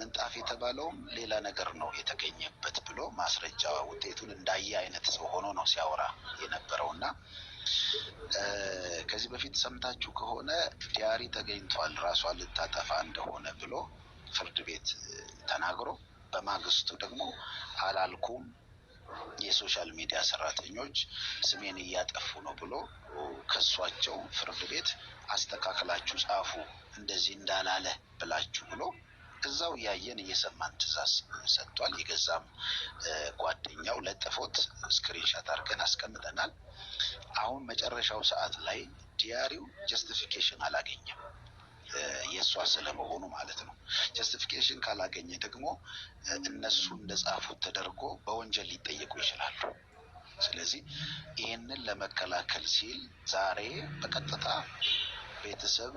ምንጣፍ የተባለውም ሌላ ነገር ነው የተገኘበት ብሎ ማስረጃ ውጤቱን እንዳየ አይነት ሰው ሆኖ ነው ሲያወራ የነበረው እና ከዚህ በፊት ሰምታችሁ ከሆነ ዲያሪ ተገኝቷል ራሷ ልታጠፋ እንደሆነ ብሎ ፍርድ ቤት ተናግሮ በማግስቱ ደግሞ አላልኩም የሶሻል ሚዲያ ሰራተኞች ስሜን እያጠፉ ነው ብሎ ከሷቸው ፍርድ ቤት አስተካክላችሁ ጻፉ እንደዚህ እንዳላለ ብላችሁ ብሎ እዛው እያየን እየሰማን ትእዛዝ ሰጥቷል። የገዛም ጓደኛው ለጥፎት ስክሪንሻት አድርገን አስቀምጠናል። አሁን መጨረሻው ሰዓት ላይ ዲያሪው ጀስቲፊኬሽን አላገኘም የእሷ ስለመሆኑ ማለት ነው። ጀስቲፊኬሽን ካላገኘ ደግሞ እነሱ እንደጻፉት ተደርጎ በወንጀል ሊጠየቁ ይችላሉ። ስለዚህ ይህንን ለመከላከል ሲል ዛሬ በቀጥታ ቤተሰብ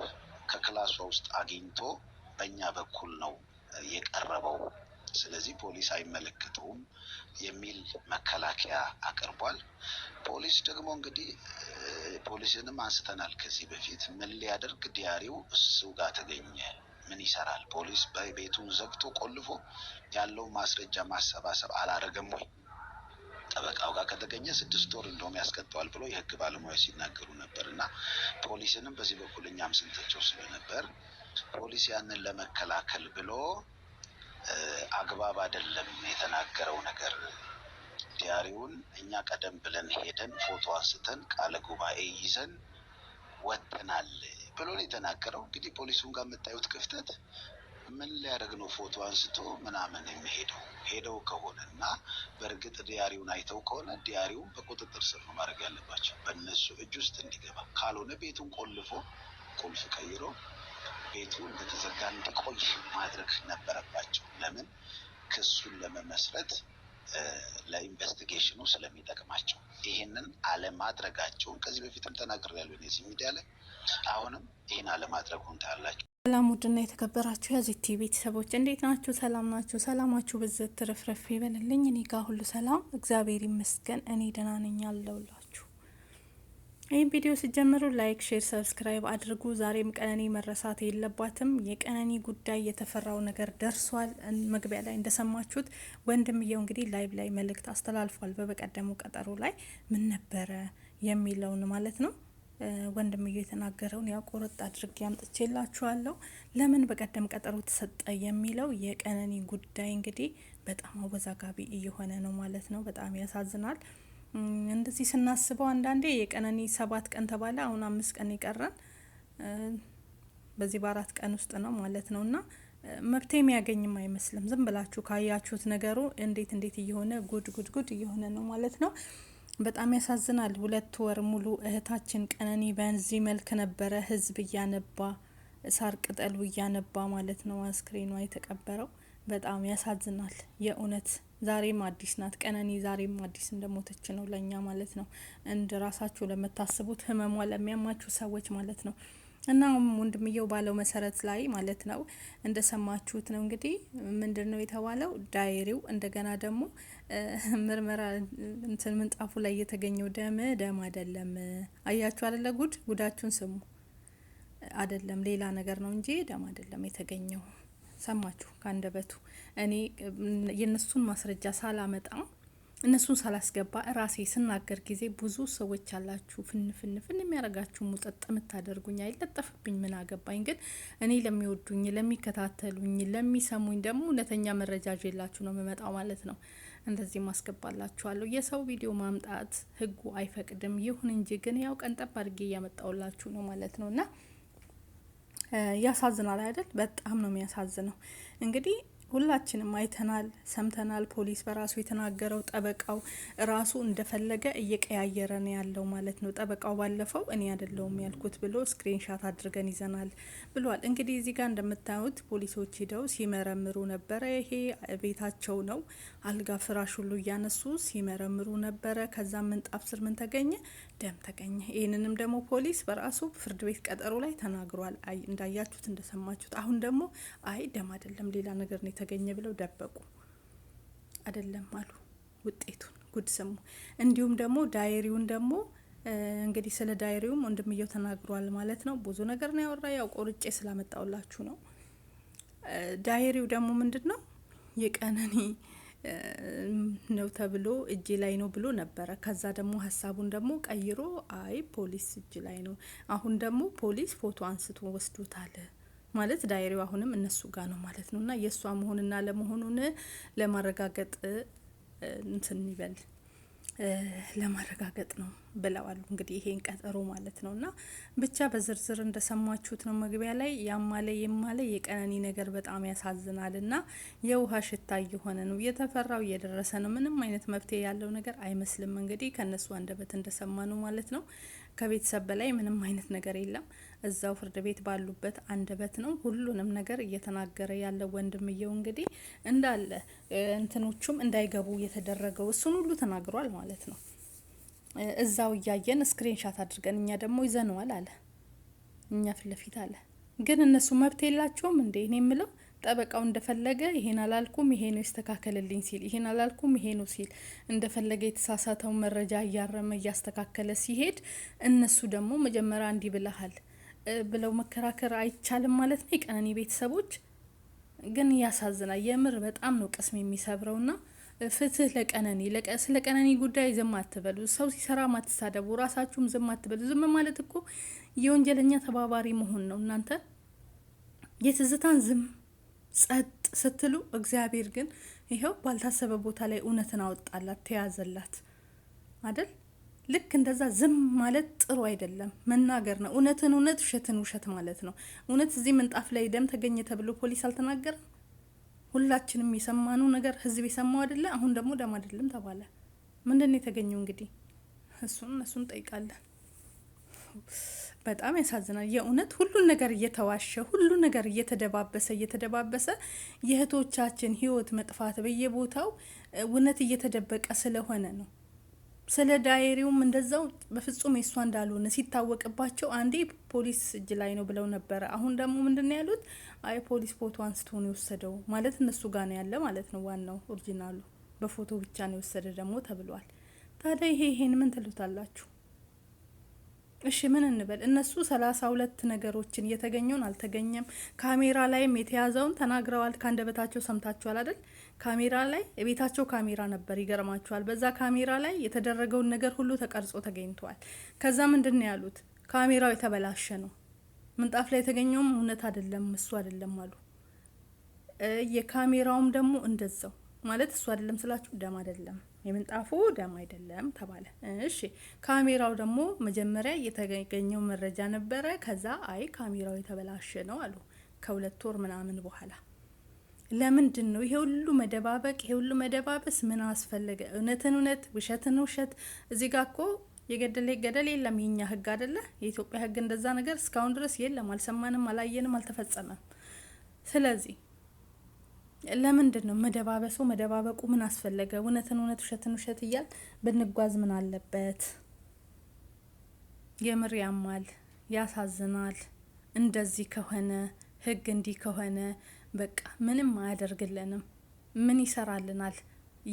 ከክላሷ ውስጥ አግኝቶ በእኛ በኩል ነው የቀረበው፣ ስለዚህ ፖሊስ አይመለከተውም የሚል መከላከያ አቅርቧል። ፖሊስ ደግሞ እንግዲህ ፖሊስንም አንስተናል ከዚህ በፊት ምን ሊያደርግ ዲያሪው እሱ ጋር ተገኘ ምን ይሰራል? ፖሊስ በቤቱን ዘግቶ ቆልፎ ያለው ማስረጃ ማሰባሰብ አላደረገም ወይ? ጠበቃው ጋር ከተገኘ ስድስት ወር እንደውም ያስቀጠዋል ብሎ የህግ ባለሙያ ሲናገሩ ነበር እና ፖሊስንም በዚህ በኩል እኛም ስንተቸው ስለነበር ፖሊስ ያንን ለመከላከል ብሎ አግባብ አይደለም የተናገረው ነገር። ዲያሪውን እኛ ቀደም ብለን ሄደን ፎቶ አንስተን ቃለ ጉባኤ ይዘን ወጥተናል ብሎ ነው የተናገረው። እንግዲህ ፖሊሱን ጋር የምታዩት ክፍተት ምን ሊያደርግ ነው ፎቶ አንስቶ ምናምን የሚሄደው? ሄደው ከሆነ እና በእርግጥ ዲያሪውን አይተው ከሆነ ዲያሪውን በቁጥጥር ስር ነው ማድረግ ያለባቸው፣ በእነሱ እጅ ውስጥ እንዲገባ ካልሆነ ቤቱን ቆልፎ ቁልፍ ቀይሮ ቤቱ እንደተዘጋ እንዲቆይ ማድረግ ነበረባቸው። ለምን ክሱን ለመመስረት ለኢንቨስቲጌሽኑ ስለሚጠቅማቸው ይህንን አለማድረጋቸውን ከዚህ በፊትም ተናግሬያለሁ እዚህ ሚዲያ ላይ አሁንም ይህን አለማድረጉን ታያላቸው። ሰላም ውድና የተከበራችሁ የዚህ ቲቪ ቤተሰቦች እንዴት ናችሁ? ሰላም ናችሁ? ሰላማችሁ ብዝት ትርፍርፍ ይበልልኝ። እኔ ጋር ሁሉ ሰላም እግዚአብሔር ይመስገን። እኔ ደህና ነኝ ይህም ቪዲዮ ሲጀምሩ ላይክ፣ ሼር፣ ሰብስክራይብ አድርጉ። ዛሬም ቀነኒ መረሳት የለባትም። የቀነኒ ጉዳይ የተፈራው ነገር ደርሷል። መግቢያ ላይ እንደሰማችሁት ወንድምየው እንግዲህ ላይቭ ላይ መልእክት አስተላልፏል። በበቀደሙ ቀጠሮ ላይ ምን ነበረ የሚለውን ማለት ነው ወንድምየው የተናገረውን ያው ቆረጥ አድርጌ አምጥቼላችኋለሁ። ለምን በቀደም ቀጠሮ ተሰጠ የሚለው የቀነኒ ጉዳይ እንግዲህ በጣም አወዛጋቢ እየሆነ ነው ማለት ነው። በጣም ያሳዝናል። እንደዚህ ስናስበው አንዳንዴ የቀነኒ ሰባት ቀን ተባለ፣ አሁን አምስት ቀን ይቀራል። በዚህ በአራት ቀን ውስጥ ነው ማለት ነው እና መብት የሚያገኝም አይመስልም። ዝም ብላችሁ ካያችሁት ነገሩ እንዴት እንዴት እየሆነ ጉድ ጉድ ጉድ እየሆነ ነው ማለት ነው። በጣም ያሳዝናል። ሁለት ወር ሙሉ እህታችን ቀነኒ በዚህ መልክ ነበረ ህዝብ እያነባ ሳር ቅጠሉ እያነባ ማለት ነው አስክሬኗ የተቀበረው። በጣም ያሳዝናል የእውነት ዛሬም አዲስ ናት ቀነኒ፣ ዛሬም አዲስ እንደሞተች ነው ለእኛ ማለት ነው። እንድ ራሳችሁ ለምታስቡት ህመሟ ለሚያማችሁ ሰዎች ማለት ነው። እና ወንድምየው ባለው መሰረት ላይ ማለት ነው እንደሰማችሁት ነው እንግዲህ ምንድን ነው የተባለው ዳይሪው፣ እንደገና ደግሞ ምርመራ እንትን ምንጣፉ ላይ የተገኘው ደም ደም አይደለም። አያችሁ አለ ጉድ ጉዳችሁን ስሙ። አይደለም ሌላ ነገር ነው እንጂ ደም አይደለም የተገኘው። ሰማችሁ ከአንደበቱ እኔ የእነሱን ማስረጃ ሳላመጣ እነሱን ሳላስገባ ራሴ ስናገር ጊዜ ብዙ ሰዎች አላችሁ ፍንፍንፍን የሚያደርጋችሁ ሙጠጥ የምታደርጉኝ አይለጠፍብኝ ምን አገባኝ። ግን እኔ ለሚወዱኝ፣ ለሚከታተሉኝ፣ ለሚሰሙኝ ደግሞ እውነተኛ መረጃ ይዤላችሁ ነው የምመጣው ማለት ነው። እንደዚህ ማስገባላችኋለሁ። የሰው ቪዲዮ ማምጣት ህጉ አይፈቅድም። ይሁን እንጂ ግን ያው ቀን አድርጌ እያመጣውላችሁ ነው ማለት ነው እና ያሳዝናል አይደል? በጣም ነው የሚያሳዝነው እንግዲህ ሁላችንም አይተናል፣ ሰምተናል። ፖሊስ በራሱ የተናገረው ጠበቃው ራሱ እንደፈለገ እየቀያየረ ነው ያለው ማለት ነው። ጠበቃው ባለፈው እኔ አይደለሁም ያልኩት ብሎ ስክሪንሻት አድርገን ይዘናል ብሏል። እንግዲህ እዚህ ጋር እንደምታዩት ፖሊሶች ሂደው ሲመረምሩ ነበረ። ይሄ ቤታቸው ነው። አልጋ ፍራሽ ሁሉ እያነሱ ሲመረምሩ ነበረ። ከዛ ምንጣፍ ስር ምን ተገኘ? ደም ተገኘ። ይህንንም ደግሞ ፖሊስ በራሱ ፍርድ ቤት ቀጠሮ ላይ ተናግሯል። እንዳያችሁት እንደሰማችሁት። አሁን ደግሞ አይ ደም አይደለም ሌላ ነገር ነው የተገኘ ብለው ደበቁ። አይደለም አሉ ውጤቱን ጉድ ስሙ። እንዲሁም ደግሞ ዳይሪውን ደግሞ እንግዲህ ስለ ዳይሪውም ወንድምየው ተናግሯል ማለት ነው። ብዙ ነገር ነው ያወራ። ያው ቆርጬ ስላመጣውላችሁ ነው። ዳይሪው ደግሞ ምንድን ነው የቀነኒ ነው ተብሎ እጅ ላይ ነው ብሎ ነበረ። ከዛ ደግሞ ሀሳቡን ደግሞ ቀይሮ አይ ፖሊስ እጅ ላይ ነው፣ አሁን ደግሞ ፖሊስ ፎቶ አንስቶ ወስዶታል ማለት ዳይሪው አሁንም እነሱ ጋር ነው ማለት ነው። እና የእሷ መሆንና ለመሆኑን ለማረጋገጥ እንትን ይበል ለማረጋገጥ ነው ብለዋል። እንግዲህ ይሄን ቀጠሮ ማለት ነው እና ብቻ በዝርዝር እንደሰማችሁት ነው መግቢያ ላይ ያማለ የማለ የቀነኒ ነገር በጣም ያሳዝናል እና የውሃ ሽታ እየሆነ ነው የተፈራው እየደረሰ ነው። ምንም አይነት መፍትሄ ያለው ነገር አይመስልም። እንግዲህ ከእነሱ አንደበት እንደሰማ ነው ማለት ነው። ከቤተሰብ በላይ ምንም አይነት ነገር የለም። እዛው ፍርድ ቤት ባሉበት አንደበት ነው ሁሉንም ነገር እየተናገረ ያለው ወንድምየው እንግዲህ እንዳለ እንትኖቹም እንዳይገቡ የተደረገው እሱን ሁሉ ተናግሯል ማለት ነው። እዛው እያየን ስክሪንሻት አድርገን እኛ ደግሞ ይዘነዋል አለ እኛ ፊት ለፊት አለ። ግን እነሱ መብት የላቸውም እንዴ? እኔ የምለው ጠበቃው እንደፈለገ ይሄን አላልኩም ይሄ ነው ይስተካከልልኝ ሲል ይሄን አላልኩም ይሄ ነው ሲል እንደፈለገ የተሳሳተው መረጃ እያረመ እያስተካከለ ሲሄድ እነሱ ደግሞ መጀመሪያ እንዲህ ብለሃል ብለው መከራከር አይቻልም ማለት ነው። የቀነኒ ቤተሰቦች ግን ያሳዝናል። የምር በጣም ነው ቅስም ና ፍትህ ለቀነኒ። ስለ ቀነኒ ጉዳይ ዝም አትበሉ። ሰው ሲሰራ ማትሳደቡ፣ ራሳችሁም ዝም አትበሉ። ዝም ማለት እኮ የወንጀለኛ ተባባሪ መሆን ነው። እናንተ የትዝታን ዝም ጸጥ ስትሉ እግዚአብሔር ግን ይኸው ባልታሰበ ቦታ ላይ እውነትን አወጣላት፣ ተያዘላት አደል? ልክ እንደዛ ዝም ማለት ጥሩ አይደለም፣ መናገር ነው። እውነትን እውነት፣ ውሸትን ውሸት ማለት ነው። እውነት እዚህ ምንጣፍ ላይ ደም ተገኘ ተብሎ ፖሊስ አልተናገረም። ሁላችንም የሰማነው ነገር ህዝብ የሰማው አደለ? አሁን ደግሞ ደም አይደለም ተባለ። ምንድን ነው የተገኘው? እንግዲህ እሱን እነሱን እንጠይቃለን። በጣም ያሳዝናል። የእውነት ሁሉን ነገር እየተዋሸ ሁሉ ነገር እየተደባበሰ እየተደባበሰ የእህቶቻችን ህይወት መጥፋት በየቦታው እውነት እየተደበቀ ስለሆነ ነው። ስለ ዳይሪውም እንደዛው በፍጹም የሷ እንዳልሆነ ሲታወቅባቸው አንዴ ፖሊስ እጅ ላይ ነው ብለው ነበረ። አሁን ደግሞ ምንድን ነው ያሉት? አይ ፖሊስ ፎቶ አንስቶ ነው የወሰደው ማለት እነሱ ጋር ነው ያለ ማለት ነው። ዋናው ኦሪጂናሉ በፎቶ ብቻ ነው የወሰደ ደግሞ ተብሏል። ታዲያ ይሄ ይሄን ምን ትሉታላችሁ? እሺ ምን እንበል? እነሱ ሰላሳ ሁለት ነገሮችን የተገኘውን አልተገኘም፣ ካሜራ ላይም የተያዘውን ተናግረዋል። ከአንደበታቸው ሰምታችኋል አይደል? ካሜራ ላይ የቤታቸው ካሜራ ነበር፣ ይገርማችኋል። በዛ ካሜራ ላይ የተደረገውን ነገር ሁሉ ተቀርጾ ተገኝተዋል። ከዛ ምንድን ነው ያሉት? ካሜራው የተበላሸ ነው፣ ምንጣፍ ላይ የተገኘውም እውነት አይደለም፣ እሱ አይደለም አሉ። የካሜራውም ደግሞ እንደዛው ማለት እሱ አይደለም ስላችሁ ደም አይደለም የምንጣፉ ደም አይደለም ተባለ። እሺ ካሜራው ደግሞ መጀመሪያ የተገኘው መረጃ ነበረ። ከዛ አይ ካሜራው የተበላሸ ነው አሉ ከሁለት ወር ምናምን በኋላ። ለምንድን ነው ይሄ ሁሉ መደባበቅ? ይሄ ሁሉ መደባበስ ምን አስፈለገ? እውነትን እውነት፣ ውሸትን ውሸት። እዚህ ጋር እኮ የገደለ የገደል የለም። የኛ ህግ አደለ? የኢትዮጵያ ህግ እንደዛ ነገር እስካሁን ድረስ የለም። አልሰማንም፣ አላየንም፣ አልተፈጸመም። ስለዚህ ለምንድን ነው መደባበሱ መደባበቁ ምን አስፈለገ? እውነትን እውነት ውሸትን ውሸት እያል ብንጓዝ ምን አለበት? የምር ያማል፣ ያሳዝናል። እንደዚህ ከሆነ ህግ እንዲህ ከሆነ በቃ ምንም አያደርግልንም። ምን ይሰራልናል?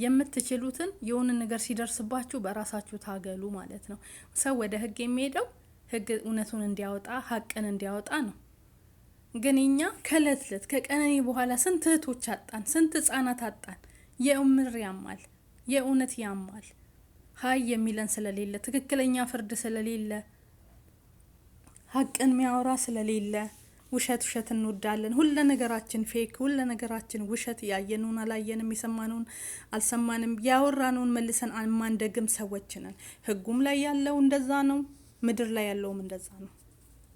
የምትችሉትን የሆነ ነገር ሲደርስባችሁ በራሳችሁ ታገሉ ማለት ነው። ሰው ወደ ህግ የሚሄደው ህግ እውነቱን እንዲያወጣ ሀቅን እንዲያወጣ ነው። ግን እኛ ከእለት እለት ከቀነኔ በኋላ ስንት እህቶች አጣን፣ ስንት ህጻናት አጣን። የእምር ያማል፣ የእውነት ያማል። ሀይ የሚለን ስለሌለ፣ ትክክለኛ ፍርድ ስለሌለ፣ ሀቅን ሚያወራ ስለሌለ ውሸት ውሸት እንወዳለን። ሁለ ነገራችን ፌክ፣ ሁለ ነገራችን ውሸት። ያየነውን አላየንም፣ የሰማነውን አልሰማንም፣ ያወራነውን መልሰን አማንደግም ሰዎች ነን። ህጉም ላይ ያለው እንደዛ ነው፣ ምድር ላይ ያለውም እንደዛ ነው።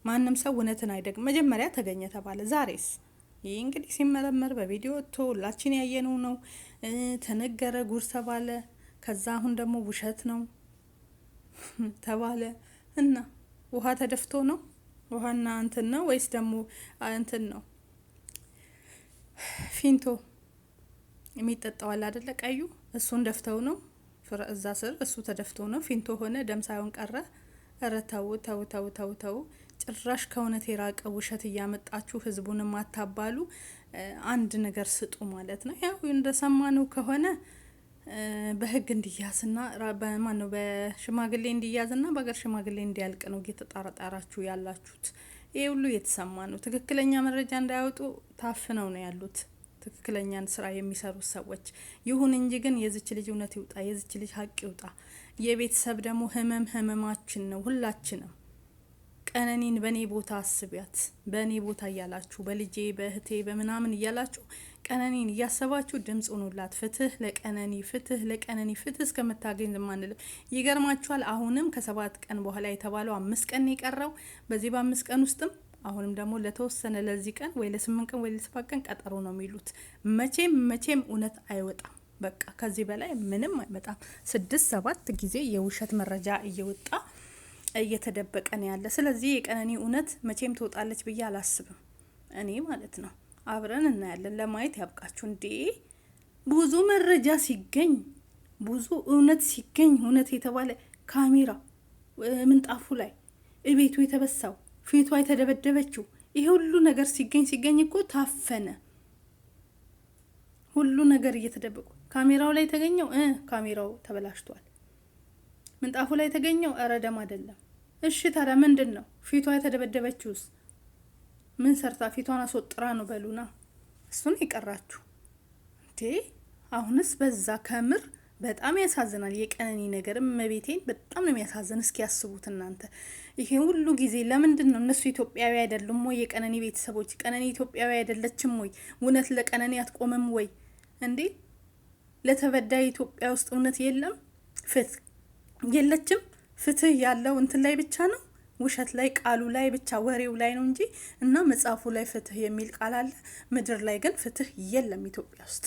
ማንም ሰው እውነትን አይደግም። መጀመሪያ ተገኘ ተባለ። ዛሬስ ይህ እንግዲህ ሲመረመር በቪዲዮ ወጥቶ ሁላችን ያየነው ነው። ተነገረ፣ ጉር ተባለ። ከዛ አሁን ደግሞ ውሸት ነው ተባለ እና ውሃ ተደፍቶ ነው ውሃና እንትን ነው ወይስ ደግሞ እንትን ነው ፊንቶ የሚጠጣው አለ ቀዩ እሱን ደፍተው ነው እዛ ስር እሱ ተደፍቶ ነው ፊንቶ ሆነ። ደም ሳይሆን ቀረ። ኧረ ተው ተው ተው ተው ተው። ጭራሽ ከእውነት የራቀ ውሸት እያመጣችሁ ህዝቡን ማታባሉ። አንድ ነገር ስጡ ማለት ነው። ያው እንደሰማነው ከሆነ በህግ እንዲያዝና በማን ነው በሽማግሌ እንዲያዝና በሀገር ሽማግሌ እንዲያልቅ ነው እየተጣራጣራችሁ ያላችሁት። ይሄ ሁሉ የተሰማ ነው። ትክክለኛ መረጃ እንዳያወጡ ታፍነው ነው ያሉት ትክክለኛን ስራ የሚሰሩት ሰዎች። ይሁን እንጂ ግን የዚች ልጅ እውነት ይውጣ፣ የዚች ልጅ ሀቅ ይውጣ። የቤተሰብ ደግሞ ህመም ህመማችን ነው ሁላችንም ቀነኒን በእኔ ቦታ አስቢያት፣ በእኔ ቦታ እያላችሁ በልጄ በእህቴ በምናምን እያላችሁ ቀነኒን እያሰባችሁ ድምጽ ሆኑላት። ፍትህ ለቀነኒ ፍትህ ለቀነኒ ፍትህ እስከምታገኝ ዝም አንልም። ይገርማችኋል። አሁንም ከሰባት ቀን በኋላ የተባለው አምስት ቀን የቀረው በዚህ በአምስት ቀን ውስጥም አሁንም ደግሞ ለተወሰነ ለዚህ ቀን ወይ ለስምንት ቀን ወይ ለሰባት ቀን ቀጠሮ ነው የሚሉት። መቼም መቼም እውነት አይወጣም። በቃ ከዚህ በላይ ምንም አይመጣም። ስድስት ሰባት ጊዜ የውሸት መረጃ እየወጣ እየተደበቀ ነው ያለ። ስለዚህ የቀነኒ እውነት መቼም ትወጣለች ብዬ አላስብም እኔ ማለት ነው። አብረን እናያለን። ለማየት ያብቃችሁ። እንዴ ብዙ መረጃ ሲገኝ፣ ብዙ እውነት ሲገኝ፣ እውነት የተባለ ካሜራ ምንጣፉ ላይ እቤቱ የተበሳው ፊቷ የተደበደበችው ይሄ ሁሉ ነገር ሲገኝ ሲገኝ እኮ ታፈነ። ሁሉ ነገር እየተደበቁ ካሜራው ላይ የተገኘው እ ካሜራው ተበላሽቷል። ምንጣፉ ላይ የተገኘው እረ ደም አይደለም። እሺ ታዲያ ምንድን ነው? ፊቷ የተደበደበችውስ ምን ሰርታ ፊቷን አስወጥራ ነው? በሉና እሱን የቀራችሁ እንዴ! አሁንስ በዛ። ከምር በጣም ያሳዝናል የቀነኒ ነገር። እመቤቴን በጣም ነው የሚያሳዝን። እስኪ ያስቡት እናንተ ይሄ ሁሉ ጊዜ ለምንድን ነው እነሱ ኢትዮጵያዊ አይደሉም ወይ? የቀነኒ ቤተሰቦች ቀነኒ ኢትዮጵያዊ አይደለችም ወይ? እውነት ለቀነኒ አትቆምም ወይ? እንዴ ለተበዳይ ኢትዮጵያ ውስጥ እውነት የለም ፍትህ የለችም። ፍትህ ያለው እንትን ላይ ብቻ ነው ውሸት ላይ ቃሉ ላይ ብቻ ወሬው ላይ ነው እንጂ እና መጽሐፉ ላይ ፍትህ የሚል ቃል አለ። ምድር ላይ ግን ፍትህ የለም ኢትዮጵያ ውስጥ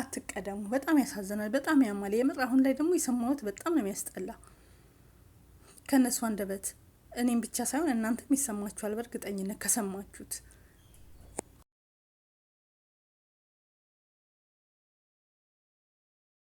አትቀደሙ። በጣም ያሳዝናል። በጣም ያማል። የምር አሁን ላይ ደግሞ የሰማሁት በጣም ነው የሚያስጠላ ከእነሱ አንደበት። እኔም ብቻ ሳይሆን እናንተም ይሰማችኋል በእርግጠኝነት ከሰማችሁት